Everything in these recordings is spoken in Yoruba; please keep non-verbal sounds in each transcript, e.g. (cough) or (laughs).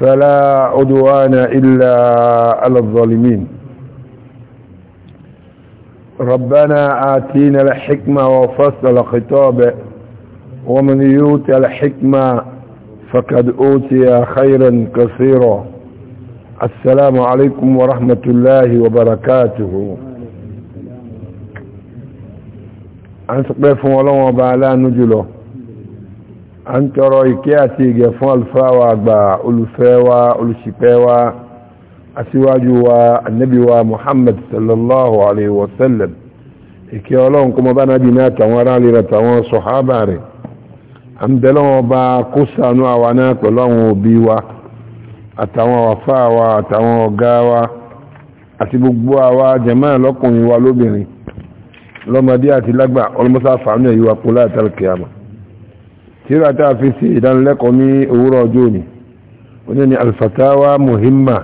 فلا عدوان إلا على الظالمين ربنا آتينا الحكمة وفصل الخطاب ومن يوت الحكمة فقد أوتي خيرا كثيرا السلام عليكم ورحمة الله وبركاته عن سقف ولو وبعلا نجله a ń tọrọ ìkẹ́ àti ìgẹ̀ fún alfáwa àgbà olùfẹ́wa olùṣìpẹ́wa aṣíwájú wa annabiwa muhammad sallallahu alaihi wasallam ìkẹ́ ọlọ́run kọmọ bá nábi náà tàwọn ará lè tàwọn sọ̀hábà rẹ̀ a ń bẹ̀lọ́ wọn bá kó sànú àwa náà pẹ̀lú àwọn òbí wa àtàwọn àfáàwa àtàwọn ọ̀gá wa àti gbogbo àwa jẹ̀máà lọ́kùnrin wa lóbìnrin lọ́mọdé àti lágbà ọlọ́mọsáfà náà yíwa kó láàtàlù kìámà tira tá a fi sí ìdánilẹ́kọ̀ọ́ ní òwúrọ̀ ọjọ́ ni oní ni alfatawa muhimma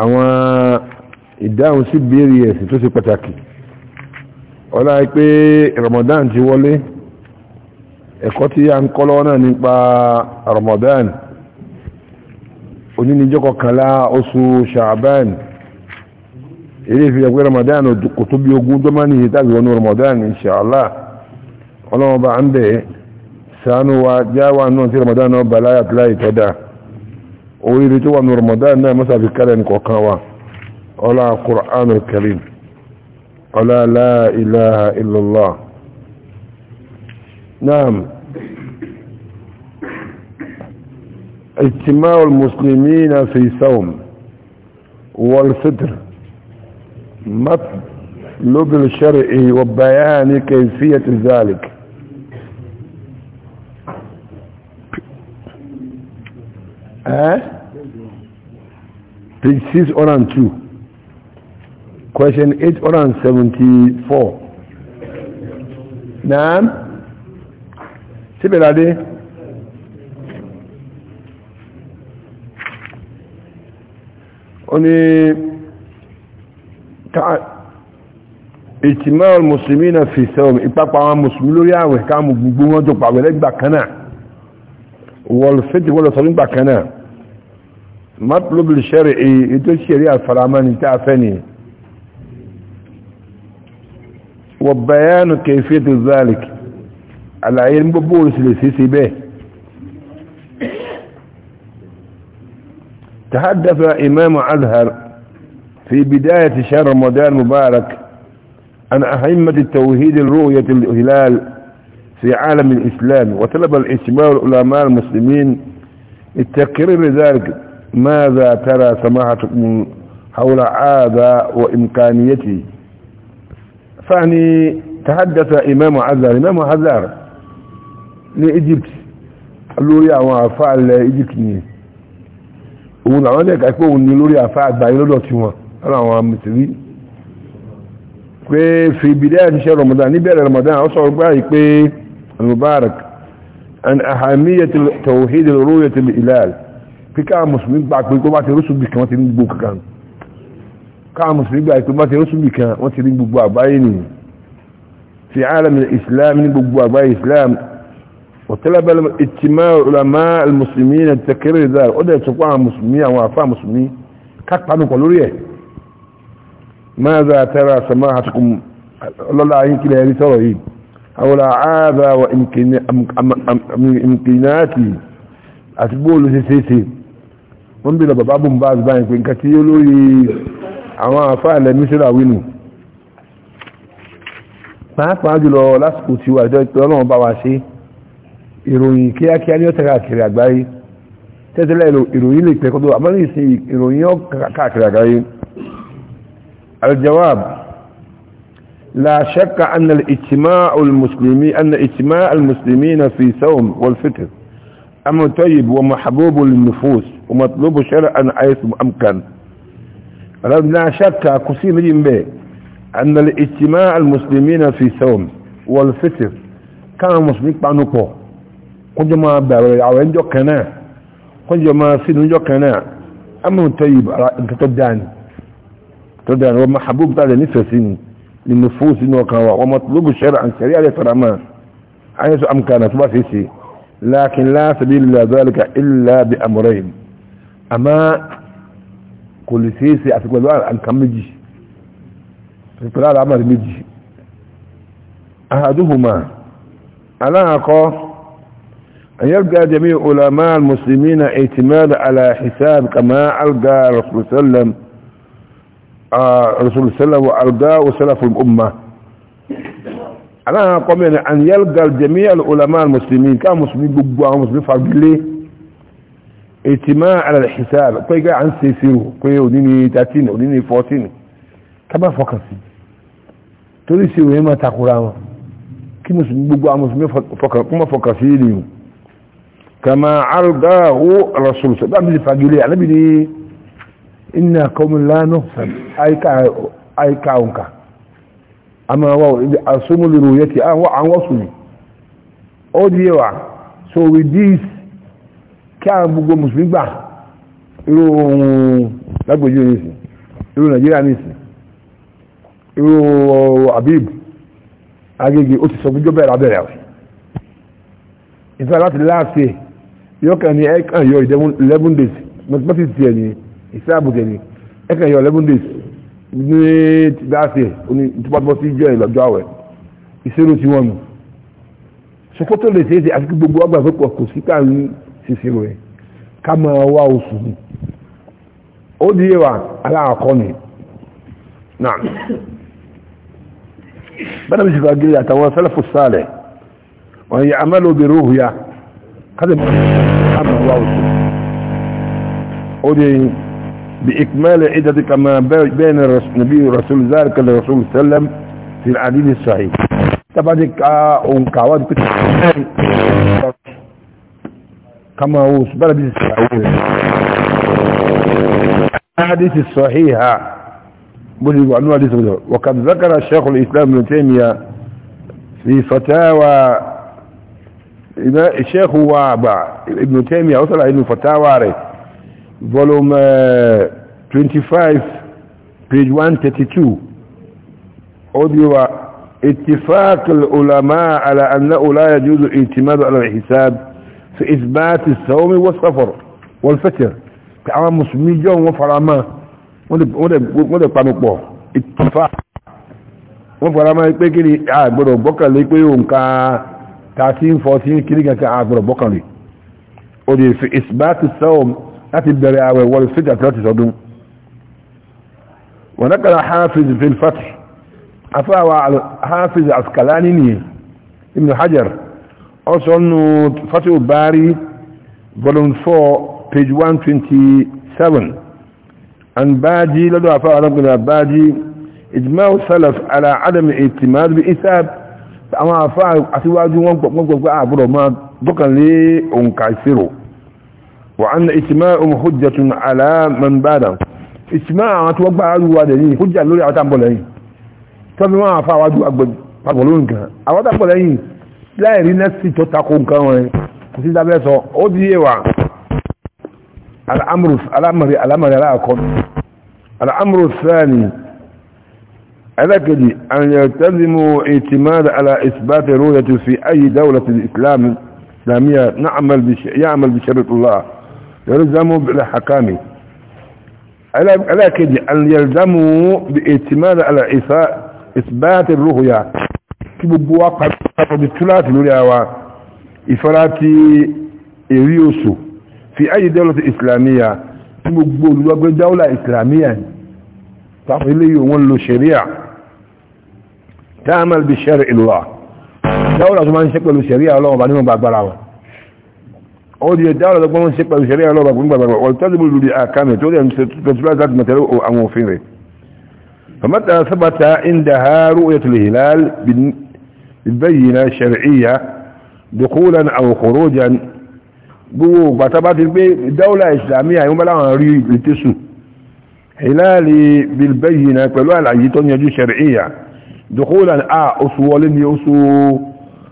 awon ìdáhùn si biri ẹ̀sì to si pataki ọlá pé Ramadan ti wole? eko ti ya ń kọ́ lọ́wọ́ Ramadan oni ni Kala kàlá oṣù Sha'ban fi ìfihàn pé Ramadan kò tó bí ogún tó má ní Ramadan inshallah ọlọ́wọ́ bá ń bẹ̀ẹ́ سانو وجا وانو في رمضان وبلايات لاي كدا ويريتو وانو رمضان مسا في كلين كوكاوا ولا قرآن الكريم ولا لا إله إلا الله نعم اجتماع المسلمين في صوم والفطر مطلوب الشرعي وبيان كيفية ذلك eh page 602 question 874 naam síbẹ̀láde ó ní ìtìmọ́ mùsùlùmí na fi sẹ́wọ̀n ìpapà àwọn mùsùlùmí lórí àwẹ̀ káàmù gbogbo wọn tó pàwẹ̀ lẹ́gbà kanáà wọ́lfẹ́tì wọ́lọ̀sọ̀lẹ́gbà kanáà مطلب الشرعي انتو الشريعة الفرامان تعفني وبيان كيفية ذلك العلم ببولس لسيسي به تحدث امام أزهر في بداية شهر رمضان مبارك عن أهمة التوحيد الرؤية الهلال في عالم الإسلام وطلب الاسماء والعلماء المسلمين التكرير ذلك ماذا ترى سماحتكم حول هذا وإمكانيته فعني تحدث إمام عذار إمام عذار لإجبت قالوا وفعل أما فعل إجبتني ونعملك أكون نلوري أفعل بعيلو دوتيما أنا أما مثلي في بداية شهر رمضان نبدأ رمضان أصعر بقى المبارك عن أهمية توحيد الرؤية الإلال pé káà mùsùlùmí gbà pé tó bá ti rúṣùbì kan wọ́n ti ní gbogbo kankan káà mùsùlùmí gbà pé tó bá ti rúṣùbì kan wọ́n ti ní gbogbo àgbáyé nìyí في عالم الإسلام نبقوا أباء الإسلام وطلب اجتماع علماء المسلمين تكرر ذلك وده يتوقع مسلمين وعفاء مسلمين كاكبانو قلوريه ماذا ترى سماحتكم الله عينك لا يلي ترهيب حول عاذا وإمكاناتي أتبول سيسيسي wọ́n bí lọ bàbá bùn bá àzùbá ìpín nǹkan tí ó lórí àwọn àfáàlẹ̀ mísírà wínú pàápàá jùlọ lásìkò tí wà jọ ìpẹ́ ọlọ́run bá wa ṣe ìròyìn kíákíá ní ọ̀tẹ̀ káàkiri àgbáyé tẹ́tẹ́lẹ̀ ìròyìn lè pẹ́ kọ́tọ́ àmọ́ ìsìn ìròyìn أمر طيب ومحبوب للنفوس ومطلوب شرعا حيث أمكن ربنا شك كسيم جنبه أن الاجتماع المسلمين في صوم والفتر كان مسلمين بانوكو كنت ما بابا أو عندو كنا كنت ما سينو جو كنا أمر طيب انت تداني تداني ومحبوب تعالى نفسين للنفوس ومطلوب شرعا سريعا لترمان حيث أمكانت ما في شيء لكن لا سبيل إلى ذلك إلا بأمرين أما كل سيسي أتقول له كم يجي فقال عمر يجي أحدهما علاقة أن يلقى جميع علماء المسلمين اعتماد على حساب كما ألقى رسول الله صلى الله عليه وسلم آه، وألقاه سلف الأمة aláwọn akọ́ mẹ́rin an yalgal jami'al ulama al-muslimin ká musulmi gbogbo àwọn musulmi fagilé ìtìmá ala al-hisab pé gá à ń ṣe sírò pé òní ni 13 òní ni 14 kábà fọkàn sí torí sí òye máa takura wọn kí musulmi gbogbo àwọn musulmi fọkàn kúmọ̀ fọkàn sí ìlú kama algahu rasul sọ bá mi ti fagilé alábi ni inna qawman la nuhsan àyíká òǹkà أما أصوم لرؤيتي أهو عن وصلي أوديوا so with this kí àwọn gbogbo mùsùlùmí gbà irú ohun lágbèjú nìsín irú Nàìjíríà nìsín irú Habib Agége ó ti sọ gbójọ́ bẹ̀rẹ̀ abẹ́rẹ́ rẹ̀ ìfẹ́ láti láàṣẹ yóò kàn ní ẹ̀kàn yọ 11 days mathematics tiẹ̀ ní ìsáàbù tiẹ̀ ní ẹ̀kàn yọ 11 days ní gbáàsì oní tupatubọ sí jẹ́ ìlọ́jọ́ àwẹ̀ ìṣirò tí wọ́n nù ṣòkòtò lè ṣeéṣe àti gbogbo ọgbà kò sí káàrin ṣìṣirò ẹ̀ ká máa wá oṣù ni ó di yẹwà aláàkọ́ ni náà bẹ́ẹ̀ bí ṣùgbọ́n gírí àtàwọn sẹ́lẹ̀fù wọ́n yẹ ya ká lè máa wá oṣù ó di بإكمال عدة كما بين النبي ورسول ذلك للرسول صلى الله عليه وسلم في الحديث الصحيح طبعا آه، كعواد كنت كما هو بلد الحديث الصحيحة آه، وقد ذكر الشيخ الإسلام ابن تيمية في فتاوى الشيخ هو ابن تيمية وصل إلى فتاوى عليه volume uh, 25 page 132 أضيوا اتفاق العلماء على أنه لا يجوز الاعتماد على الحساب في إثبات الصوم والسفر والفتر كعام مسلمين جون وفرما ودب قاموا اتفاق وفرما يقول كني عبر بكر ليقول يوم كا 13 14 كني كان عبر بكر لي أضيوا في إثبات الصوم láti bẹ̀rẹ̀ àwẹ̀ wọlé stage atlantis ọdún wọn dákàrà hafiz bin fath afáwà hafiz askalani ni ibn hajar ọsọ nù fatih bari volume 4 page 127 and bájí lọ́dọ̀ afáwà alágbèrè bájí ijma'u salaf ala adam itimad bi isab àwọn afáwà àtiwájú wọn gbogbo àbúrò máa dọ́kànlé òǹkà ìṣirò وعن إسماءهم حجة على من بعدهم إسماء أتوقع أدوى دني حجة لولي أتعب لأي طب ما أفعوا أدوى أقبلون كان أو أتعب لا يري نفسي تتقون كان كسي دابيسو أودي يوا الأمر الأمر الأمر لا أكون الأمر الثاني أذكر أن يلتزموا اعتماد على إثبات رؤية في أي دولة الإسلام الإسلامية نعمل بش... يعمل بشرط الله يلزم بالحكام لكن أن يلزم باعتماد على إثبات الرؤيا كبوا قد بالثلاث الأولى إفرات إريوسو في أي دولة إسلامية كبوا لوقت دولة إسلامية تقلي ونلو شريع تعمل بشرع الله دولة ما نشكل شريع الله وبعدين بقبلها ó di ẹ̀dá ọ̀rọ̀ lọ́gbọ́n ṣe pẹ̀lú ṣẹlẹ̀ ọlọ́ba gbogbo àgbàgbà wọ́n tẹ́lẹ̀ múlù lórí àkàmì tó lè tẹ̀síwá láti mọ̀tẹ́lẹ̀ àwọn òfin rẹ̀ fàmátà sábàtà ìndà ha rú'yatul hilal bayyina shar'iyya dukulan aw khurujan gbogbo gbàtà bá ti pé dáwọ́lá ìsìlámíyà ìwọ́n bá láwọn rí ìtẹ́sù hilali bilbayyina pẹ̀lú àlàyé tó yanjú shar'iyya dukulan a oṣù wọlé ni oṣù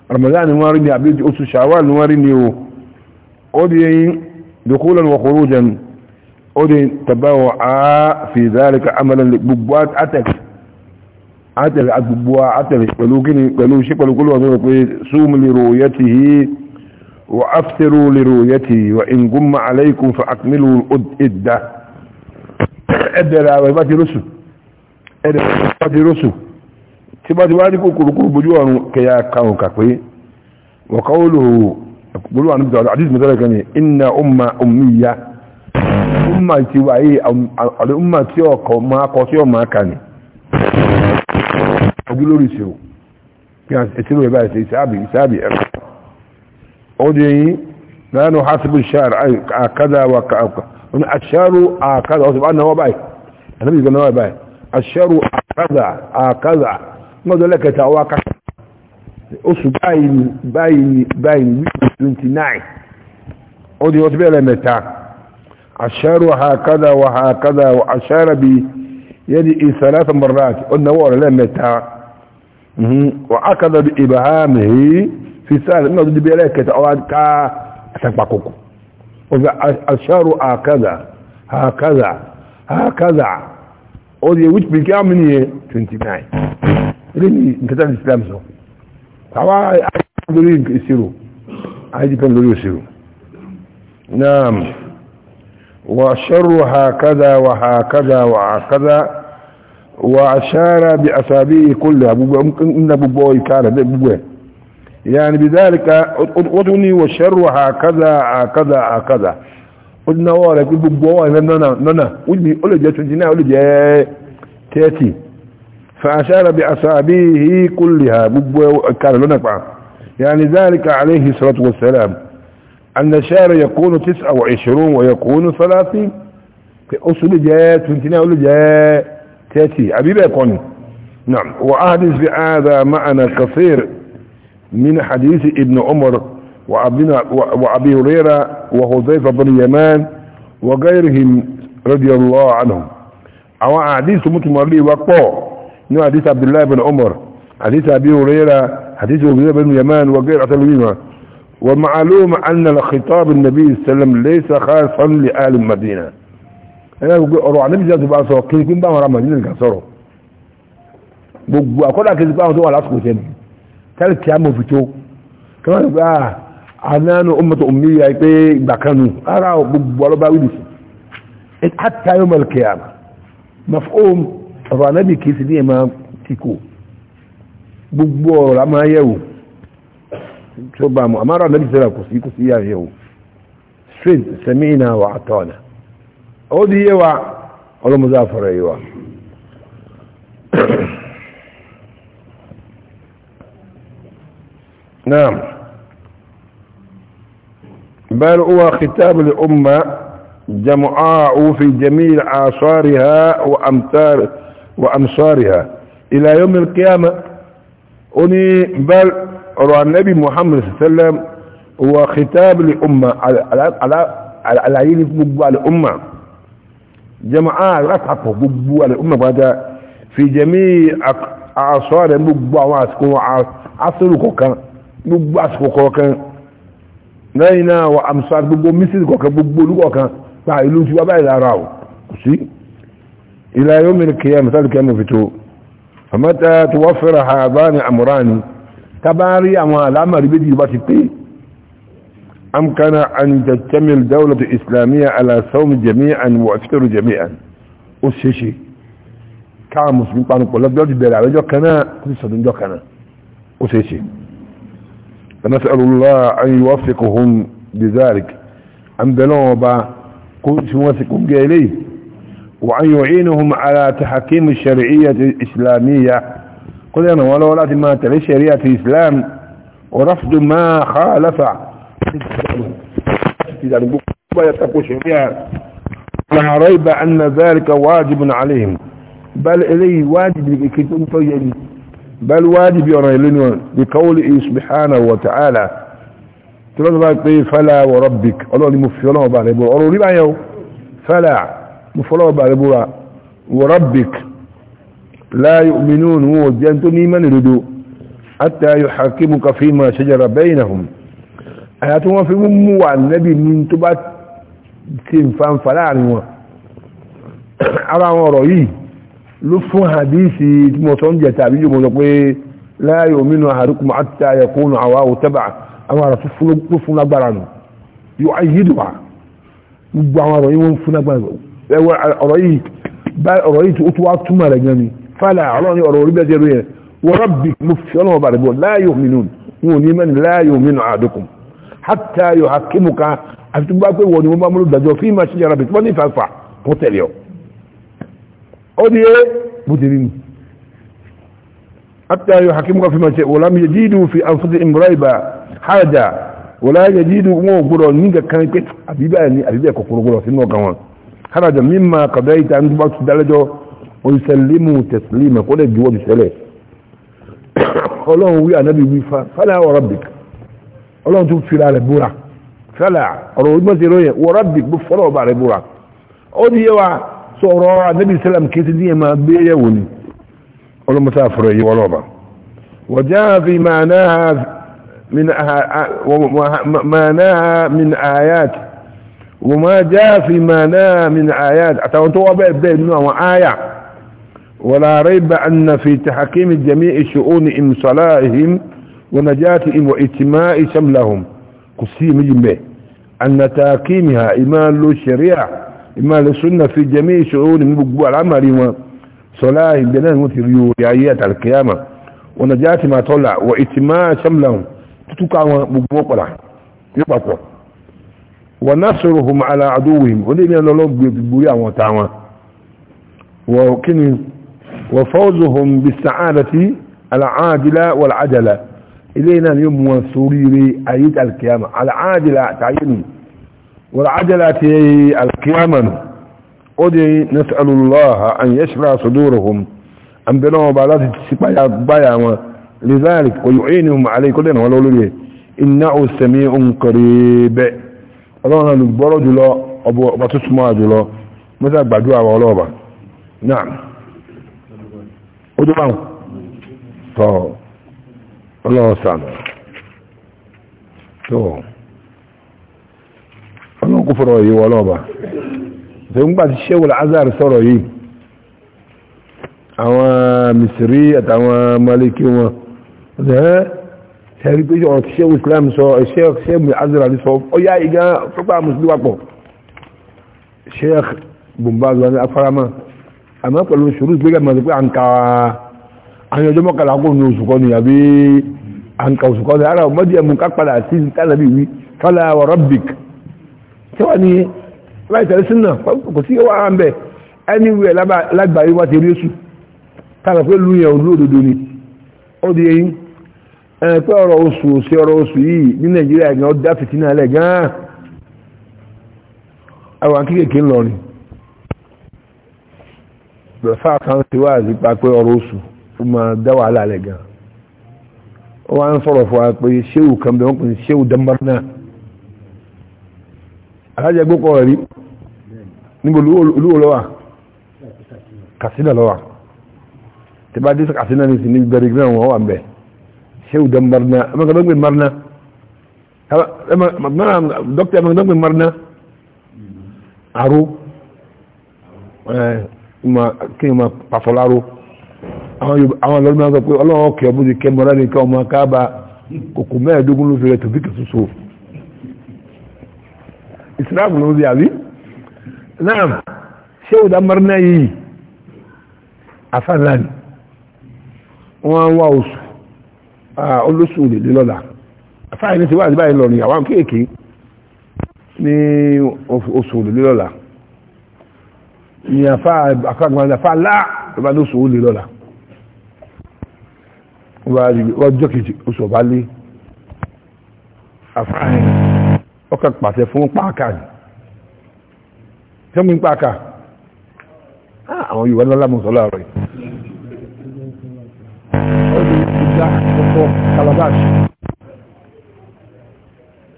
ramadan ni wọ́n rí ni àbí oṣù shawwal ni wọ́n rí ni o أودي دخولا وخروجا أودي تباوعا في ذلك عملا لبوات أتك أتك أتبوا أتك ولكن قالوا شيء قالوا كل سوم لرؤيته وأفتروا لرؤيته وإن قم عليكم فأكملوا الإدة إدة لا ويباتي رسل إدة ويباتي رسل تباتي وادي كل كل بجوان كيا كاو كاكوي وقوله قولوا عن ابدا العديد مثلا كان ان امه اميه امه تي واي الامه تي اوكو ما كو تي ما كان قولوا لي شو كان اتلو بقى حسابي حسابي اودي لا نحاسب الشارع كذا وكذا الشارع كذا سبحان الله باي النبي قال له باي الشارع كذا كذا ما ذلك تواكا oṣù báyìí ni báyìí ni báyìí ni wíwọ̀ 29 ó di ọtí bẹ́ẹ̀ lẹ́mẹ̀ta àṣẹ́rù àkádà wà àkádà wà àṣẹ́rà bí yẹ́dì ìsàlátà mọ̀rọ̀láàtì ó náwọ̀ rẹ̀ lẹ́mẹ̀ta mhm. wà ákádà bí ìbáhámi fi sáàlẹ̀ náà tó di bẹ́ẹ̀ lẹ́kẹta ọwá ká àtàkpàkókò ó fi àṣẹ́rù àkádà àkádà àkádà ó di which became 29 rí ni nkẹta islam sọ tàwa lórí ìṣirò àìdíkẹ́ lórí ìṣirò náà وشر هكذا وهكذا وهكذا وأشار بأصابعه كلها إن ببوي كان ببوي يعني بذلك أدني وشر هكذا هكذا هكذا قلنا ولك ببوي لنا لنا ولي جاتو جنا ولي جاتو تاتي فأشار بأصابيه كلها كان يعني ذلك عليه الصلاة والسلام أن الشعر يكون تسعة وعشرون ويكون ثلاثين في أصل جاء تنتين أول جاء تاتي عبيب يكون نعم وأحدث بهذا معنا كثير من حديث ابن عمر وأبي هريرة وحذيفة بن يمان وغيرهم رضي الله عنهم أو متمر لي وقوع ní àdísà abdullahi bin umar àdísà abi huraira àdísà obìnrin bin yaman wa gẹ́rẹ́ àtàlùmíwá wa ma'aluma anna al-khitab an-nabi sallam laysa khasan li ahli madina ẹ̀rọ gbogbo ọ̀rọ̀ àníbìsí àti bá sọ kí n bá wọn ra madina nìkan sọ̀rọ̀ gbogbo àkọ́dà kí n bá wọn tó wà lásìkò sẹ́ni tẹ́lì kí á mọ̀ fi tó kí wọ́n ah, gbà ọ̀rọ̀ anábì kìí sí ní ẹ̀mà kíkò gbogbo ọ̀rọ̀ a máa yẹ̀wò tó bá mọ̀ àmárà anábì sẹ́ra kò sí kò sí yà yẹ̀wò straight sami'na wa ata'na ó di yẹwà ọlọ́mọdé àfọ̀rọ̀ yẹwà نعم بل هو خطاب الأمة جمعاء في جميع آثارها وأمتار وأمصارها إلى يوم القيامة أني بل رأى النبي محمد صلى الله عليه وسلم هو خطاب لأمة على على على على عين بقبوة الأمة جماعة رفعته بقبوة الأمة بعد في جميع أعصار بقبوة وعسكو عصر كان بقبوة عسكو كان نينا وأمصار بقبوة مثل كوكا بقبوة كوكا فعلوش وبعد أراه كسي إلى يوم القيامة ذلك يوم فتو فمتى توفر هذان أمران تباري أما الأمر بدي بسيطي أمكن أن تجتمع الدولة الإسلامية على صوم جميعا وافطر جميعا أسشي كان مسلم قالوا قل لك دولة بلا وجو كنا قصة دو أسشي فنسأل الله أن يوفقهم بذلك أم بلوبا كنت موثقهم إليه وأن يعينهم على تحكيم الشرعية الإسلامية قل أنا ولو لا ما تلي شريعة الإسلام ورفض ما خالف لا ريب أن ذلك واجب عليهم بل إليه واجب بل واجب يريلون بقوله سبحانه وتعالى فلا وربك الله لمفيرون بعد يقول أروا لي فلا مفروض بالبوا وربك لا يؤمنون هو وجنتني من ردو حتى يحاكمك فيما شجر بينهم اياتهم في ممو النبي من تبات تنفان فلانوا على رأي لفو حديثي تموتون جتابي جمو لا يؤمن أهلكم حتى يكون عواه تبع أما رفو نقبرانو يؤيدها مبعوا رأيهم فنقبرانو ẹwà ọ̀rọ̀ yìí bá ọ̀rọ̀ yìí tó wá túmọ̀ rẹ̀ gan ni fàlà ọlọ́ni ọ̀rọ̀ orí bẹ́ẹ̀ jẹ́rú yẹn wọ́n rọ́bì mo fi ọlọ́wọ́ bàrẹ̀ bọ̀ la yu'minun wọn ò ní mẹ́ni la yu'minu ahadukum hatta yuhakkimuka àti tó bá pé wọ́n ni wọ́n bá múlò dájọ́ fi máa ṣe yàrá bìtì wọ́n ní ìfàfà kó tẹ̀lé ọ. ó di é bó ti rí ni hatta yuhakkimuka fi máa ṣe wọ́n lámì yajidu fi anfusihim rayba haraja wọ́n láyé yajidu wọn ò gbọ́dọ̀ nígbà kan pé àbíbẹ̀ ni àbíbẹ̀ kòkòrò gbọ́dọ̀ sínú ọkàn wọn. خرج مما قضيت أن تبقى تدلجه ويسلموا تسليما قول الجواب السلام ọlọ́run wí ànábì wí fa fẹ́lá ọ̀rọ̀bìk ọlọ́run tún fira rẹ̀ búra fẹ́lá ọ̀rọ̀ ojúmọ́sí ròyìn ọ̀rọ̀bìk bú fọ́lọ̀ ọba rẹ̀ búra ó ní yẹwa sọ̀rọ̀ ànábì sẹ́lẹ̀m kí ti díẹ̀ máa gbé yẹ̀wò ni ọlọ́mọsá àfọ̀rọ̀ yìí wọ́n ọba wọ̀já fi màánáà min àyàtì وما جاء في معناه من آيات أتوتوا بأبدأ منه آية ولا ريب أن في تحكيم جميع شؤون إن صلاحهم ونجاتهم وإتماء شملهم قسيم جميع أن تاكيمها إيمان للشريعة إيمان للسنة في جميع شؤون بقوة العمل وصلاحهم بنان مثل يعيات على القيامة ونجاتهم أطلع وإتماء شملهم تتوقع مبقوع يبقى ونصرهم على عدوهم ولينا لولوب بيقولي عن وتعوان وفوزهم بالسعادة العادلة والعدلة إلينا اليوم وسوريري أيد القيامة العادلة تعيني والعدلة القيامة ودي نسأل الله أن يشرع صدورهم أن بنوا بالات السبايا بايا لذلك ويعينهم عليه كلنا ولو إنه سميع قريب ọlọ́run olùgbọ́rọ̀ jùlọ ọba tó súnmọ́ jùlọ mẹ́ta gbàdúrà àwọn ọlọ́ọ̀bà náà ó tó báwọn tọ́ ọlọ́run sàmà tó ọlọ́run kò fọ́rọ̀ yìí ọlọ́ọ̀bà tó ń gbà ti ṣẹ́wọ̀lá azar sọ̀rọ̀ yìí àwọn misiri àtàwọn maliki wọn ẹ̀rí pé ọ̀rọ̀ tí sẹ́wọ̀n islam sọ ẹ̀ṣẹ́ sẹ́wọ̀n azra ní sọ ọya ìgá fọ́pá musulmi wapọ̀ sheikh bumbazu wani afárama àmọ́ pẹ̀lú ṣòro ìgbéga mọ̀ sí pé àǹkà àwọn ọjọ́ mọ́kànlá kò ní oṣù kan ní àbí àǹkà oṣù kan ní ara ọmọdé ẹ̀mú ká padà sí tánàbí wí fọlá wa rabbik tí wọ́n ní láì tẹ̀lé sínú kò sí wà á ń bẹ̀ ẹni wíwẹ̀ lágbàáyé wá ti rí oṣù táwọn pé lóyún ẹ̀ olódodo ni ó di eyín ẹ̀pẹ́ ọ̀rọ̀ oṣù òsì ọ̀rọ̀ oṣù yìí ní nàìjíríà gan ọdá fìtínà alẹ́ gan àwọn kéèkéé ńlọrin bẹ̀fà kan ti wá àti pàpẹ́ ọ̀rọ̀ oṣù ó máa dá wàhálà alẹ́ gan ó wá ń sọ̀rọ̀ fún wa pé ṣéwù kan bẹ̀ wọ́n pè ní ṣéwù dẹ́mbàrà náà alájẹ gbókọ̀ rí níbo olúwo lọ́wà kàsínà lọ́wà tí kàsínà ní sí ní wọn wà bẹ́ẹ̀ xew dambarna ama nga dog min marna manam docteur ama nga dog min marna aru eh, ma kí ma pàfọ́láró àwọn lọ́dún náà sọ pé ọlọ́run ọkẹ́ ọmọdé kẹmọ́rá ní ká ọmọ káàbà kòkò mẹ́ẹ̀ẹ́dógún ló fi rẹ̀ tòbí kẹsùsù ìsìláàmù ló ń bí àbí Ah, olóṣù lè dé lọ́la fáyẹ̀ ní ti wáyé báyìí lọ ní àwọn kéèké ní oṣù lè dé lọ́la ní àfá àkàgbọ́n àfá láà lọ́ba lóṣù lè lọ́la ọjọ́ kejì oṣù ọba lé àfá yẹn ọkà pàṣẹ fún páàkà ni sẹ́mi páàkà ah, àwọn Yorùbá lọ́la mọ̀ sọ́lá rẹ̀ calabash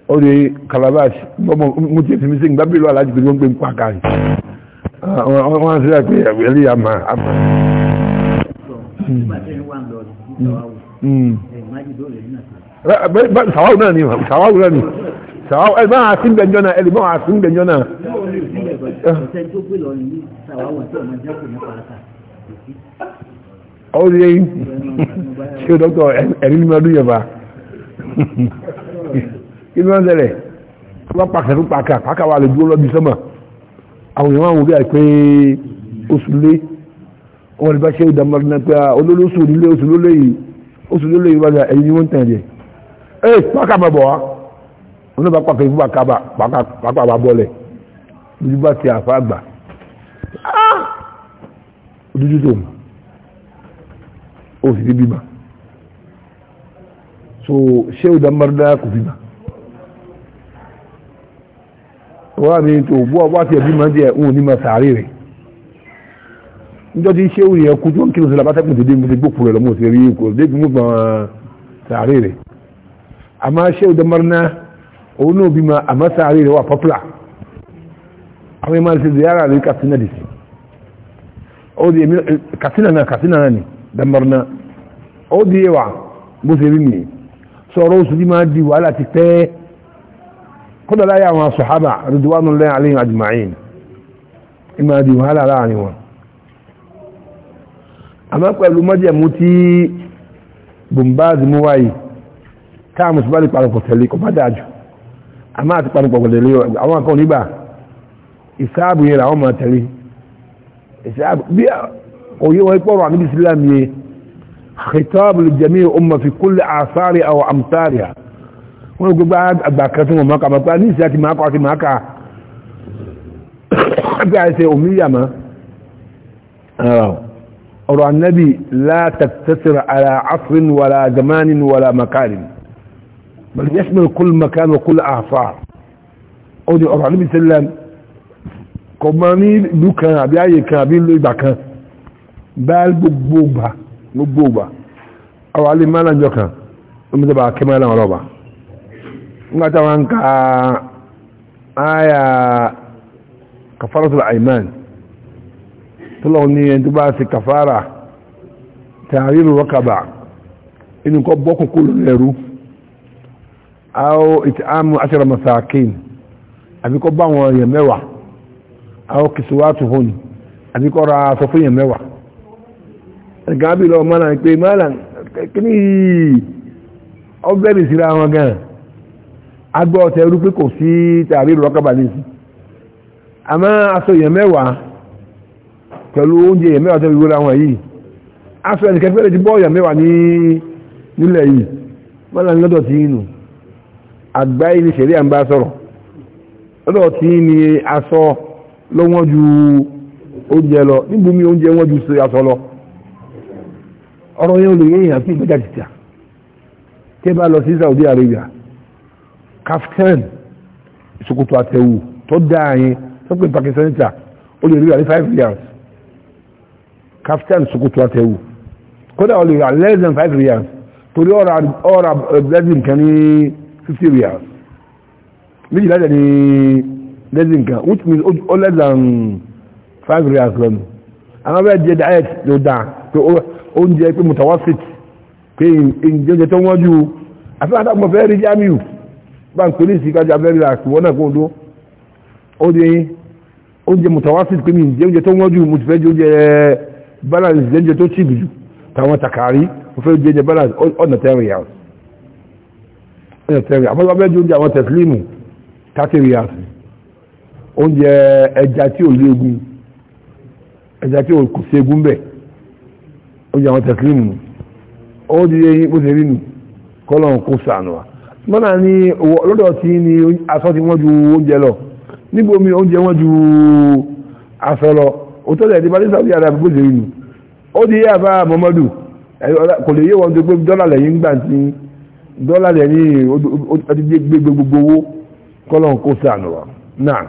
o de calabash bọ́mọ mo ti fi mi sí ìgbà bí ìlú alájú pé wọ́n gbé ń pa káàkiri ah, wọ́n á sí àpé ẹ̀rí àmà àmà. Hmm. Hmm. sàwáwù náà ni sàwáwù náà ni sàwáwù ẹ̀ máa sí gbẹ̀njọ́ náà ẹ̀lì máa sí gbẹ̀njọ́ náà. ọ̀sẹ̀ tó gbé lọ ní sàwáwù àti ọmọdé kò ní pa ó rí eyín ṣe dọ́kọ̀ ẹ̀rí ní ọdún yẹ̀bá kí ló ń tẹ̀lẹ̀ tó bá pàkà tó pàkà pàkà wà lè dúró lọ́bí sọ́mà àwọn èèyàn àwọn òbí àìpé oṣù lé wọn lè bá ṣe ìdàmọ́ra náà pé ah, olólóṣù nílé oṣù lólè yìí oṣù lólè yìí wájà ẹ̀yìn ni wọ́n ń tẹ̀lẹ̀ ẹ̀ pàkà bá bọ̀ wá wọn lè bá pàkà ìfúnpá kábà pàkà bá bọ́lẹ̀ lójú bá ti àfa àgbà dúdú ah! tó ó sì ti bímọ so ṣé ó dámọ́rọ́ dára kò bímọ wọ́n á ní tó bọ́ wá tiẹ̀ bímọ tiẹ̀ ń ò ní ma sàárè rẹ̀ níjọ́ tí ṣé ó yẹ kú tó ń kí ló sọ̀rọ̀ abátẹ́kùn tó dé mo ti gbókù rẹ̀ lọ́mọ́ sí rí kò dé bí mo gbọ́n sàárè rẹ̀ àmọ́ ṣé ó dámọ́rọ́ náà òun náà bímọ àmọ́ sàárè rẹ̀ wà popular àwọn ìmọ̀ àti ziyara rí katsina dì sí ó di èmi katsina náà katsina náà ni damarna ó di ẹwà bó ṣe rí nìyí sọ̀rọ̀ oṣù tí máa di wàhálà ti pẹ́ kódà láyé àwọn sàhábà ridwanullahi alayhim ajma'in ẹ máa di wàhálà láàrin wọn àmọ́ pẹ̀lú májẹ̀mú tí bombaz mú wáyé káàmù sí bá lè parapọ̀ tẹ̀lé kò bá dájú àmọ́ àti parapọ̀ tẹ̀lé àwọn akọ́ nígbà ìsáàbù yẹn làwọn máa tẹ̀lé ìsáàbù bí òye wọn pọ̀rọ̀ àmì islam yẹ khitab li jami umma fi kulli asari aw amsariha wọn gbogbo àgbà kan tí wọn máa kà máa pa ní ìsìn àti máa kọ àti máa kà bí a ṣe òmìnira mọ́ ọ̀rọ̀ annabi la taqtasir ala asrin wala zamanin wala makarin bal yashmil kull makan wa kull asar ó di ọ̀rọ̀ annabi sallam kò máa ní ìlú kan àbí ààyè kan àbí ìlú ìgbà kan báyìí gbogbo gbà gbogbo gbà àwọn alẹ́ máa lájọ kan omi tó bá kí máa láwọn ọlọ́ba nígbà táwọn ń ka áyà kafaratul aiman tó lọ́wọ́ ní ẹni tó bá ṣe kafara tààrírù rọ́kàbà inú kọ́ bọ́kùnkú lẹ́rú أو إتعام عشر مساكين أبيكو باو يموا أو كسواتهن أبيكو راسفين يموا gàbí lọ mọ́nà pé mọ́nà kíní ọgbẹ́rì síra wọn gan agbọ́ ọ̀tẹ̀ irú pé kò sí tàbí rọ́kàbà ní sí a máa aṣọ èèyàn mẹ́wàá pẹ̀lú oúnjẹ èèyàn mẹ́wàá tẹ́lú ìwúra wọn yìí aṣọ ẹnìkẹ́ fẹ́rẹ̀ ti bọ́ èèyàn mẹ́wàá ní nílẹ̀ yìí mọ́nà lọ́dọ̀ tí inú àgbáyé ní ṣẹ̀rí à ń bá sọ̀rọ̀ lọ́dọ̀ tí ni aṣọ lọ́wọ́n ju oúnjẹ lọ níbùmí oúnjẹ wọ́n ju aṣọ lọ ọ̀rọ̀ yẹn olè yẹn yàn fi ìgbẹ́jà tìtà tẹ́ bá lọ sí Saudi Arabia kaftan ìsòkòtò àtẹ̀wò tó dáa yẹn tó pè Pakistan ta ó lè rí rà ní five years kaftan ìsòkòtò àtẹ̀wò kódà ó lè rà less than five years torí ọ̀rà blessing kan ní fifty years méjìlá jẹ́ ní blessing kan which means ó less than five years lọ́nu àwọn bẹ́ẹ̀ jẹ́ diet ló dáa oúnjẹ pé mutawasit pé ìjẹjẹ tó wọ́n ju àfihàn àtàkùn fẹ́ rí jamiu bá ń pèlè sí kájà abẹ́rẹ́ àkùwọ́ náà kó dó ó dé oúnjẹ mutawasit pé mi ìjẹ oúnjẹ tó wọ́n ju mo ti fẹ́ jẹ oúnjẹ balance jẹjẹ tó chìbì jù tàwọn takari mo fẹ́ jẹjẹ balance ọ̀nà tẹ́rì yà ọ̀nà tẹ́rì yà àfọ́sọ́ abẹ́jẹ oúnjẹ àwọn tẹ̀sílímù tàtẹ̀rì yà oúnjẹ ẹja tí ò lé egun ẹja tí ò kò sí egun bẹ́ẹ̀ ó yẹ àwọn tẹ̀sílìmù nù ó di eyín bó ṣe rí kó sànù wa mọ́nà ní lọ́dọ̀ tí ní aṣọ ti wọ́n ju oúnjẹ lọ níbo mi oúnjẹ wọ́n ju aṣọ lọ ó tọ́lẹ̀ ìdíbà ní Saudi Arabia bó ṣe rí nù ó di yá bá Muhammadu kò lè yé wọn tó pé dọ́là lẹ́yìn gbà tí dọ́là lẹ́yìn gbogbo owó kọ́lọ̀ kó sànù wa náà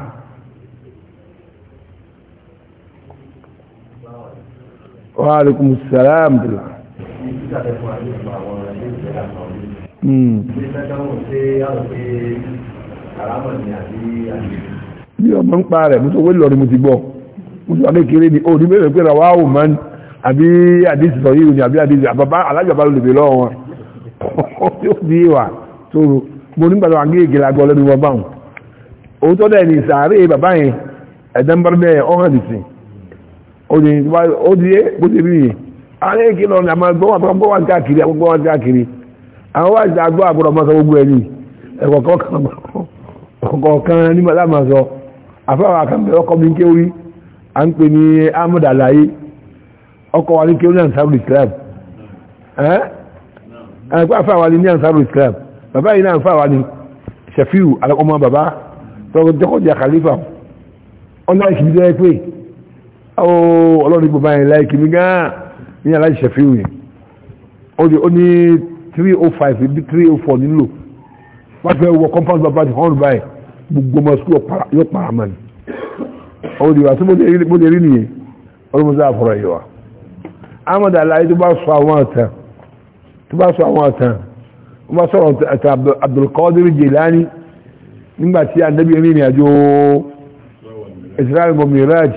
wa alaikum salam bila bí ọmọ ń pa rẹ̀ mú tó wé lọ ni mo ti gbọ́ mú tó wáyé kéré ni ó ní mẹ́rin pé ràwá ò mọ́ àbí àdísì sọ yìí ni àbí àdísì àbábá alájọba ló lè bè lọ́wọ́ wọn (laughs) yóò bí wà tó mo nígbà tó wà ní ègè lágbọ́ lẹ́nu wọn báwọn òótọ́ dẹ̀ ni sàárè bàbá yẹn ẹ̀dẹ́mbárẹ́ ọ̀hàn dìsìn ó di é bó ti rí yìí àwọn èkì lọ ní àwọn gbọ́wà káàkiri àwọn gbọ́wà káàkiri àwọn wà ìjà àgbọ́ àgbọ́rọ̀ mọ́sọ gbogbo ẹni ẹ̀kọ̀ọ̀kan ní mọ́sọ afẹ́wà kàmbẹ̀ ọkọ̀ mi kéwì à ń pè ní Ahmed Alaye ọkọ̀ wa ní kéwì ní ansaru Islam ẹ̀kọ́ afẹ́wà ní ansaru Islam bàbá yìí náà afẹ́wà ní Shafiu alakọ́mọ bàbá tọ́kọ̀ jẹ́ khalifa ọlọ́ ìkìlẹ̀ pé ooo ọlọ́run ní bàbá yẹn láìkí mi gan ní aláìsẹ̀ fíwì yẹn ó di ó ní 305 ibi 304 nílò wọ́n fẹ́ wọ compound bàbá ti hàn báyìí gbogbo ọmọ sukuu yóò para mọ́ni ó di wa tí mo lè rí nìyẹn ọlọ́mọdé àfọ̀rọ̀ yìí wa ahmed alayi tó bá sọ àwọn àtàn tó bá sọ àwọn àtàn wọ́n bá sọ̀rọ̀ àtàn abdulkadir jelani nígbà tí anabi rìnrìn àjò israel bomiraj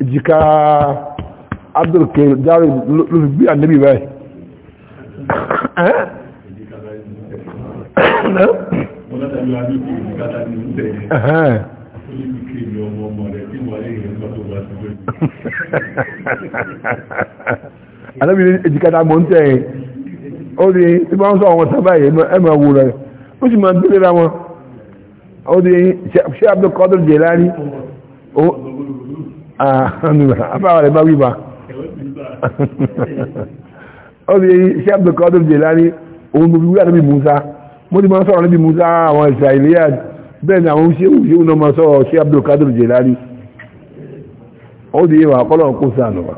Abdul ìjìká abdulkir járe ló fi gbé ànẹ́bì báyìí ànẹ́bì ìjìkádà mọ̀ ń tẹ̀ ẹ̀ ó ní ìgbà ń sọ àwọn sábà yìí ẹmọ̀ wò rẹ̀ ó sì máa gbélé ra wọn ó ní ṣe Abdul Qadir Jilani àbáwà rẹ̀ bá wíwá obìnrin iṣẹ́ àbùkọ́ tó jẹ lárí ohun gbogbo wíwá níbi Musa mo ti máa sọ̀rọ̀ níbi Musa àwọn Israeliya bẹ́ẹ̀ ni àwọn ṣéwù ṣéwù náà máa sọ̀rọ̀ ṣé àbùkọ́ tó jẹ lárí ó di ìwà kọ́lọ̀ kó sànù wa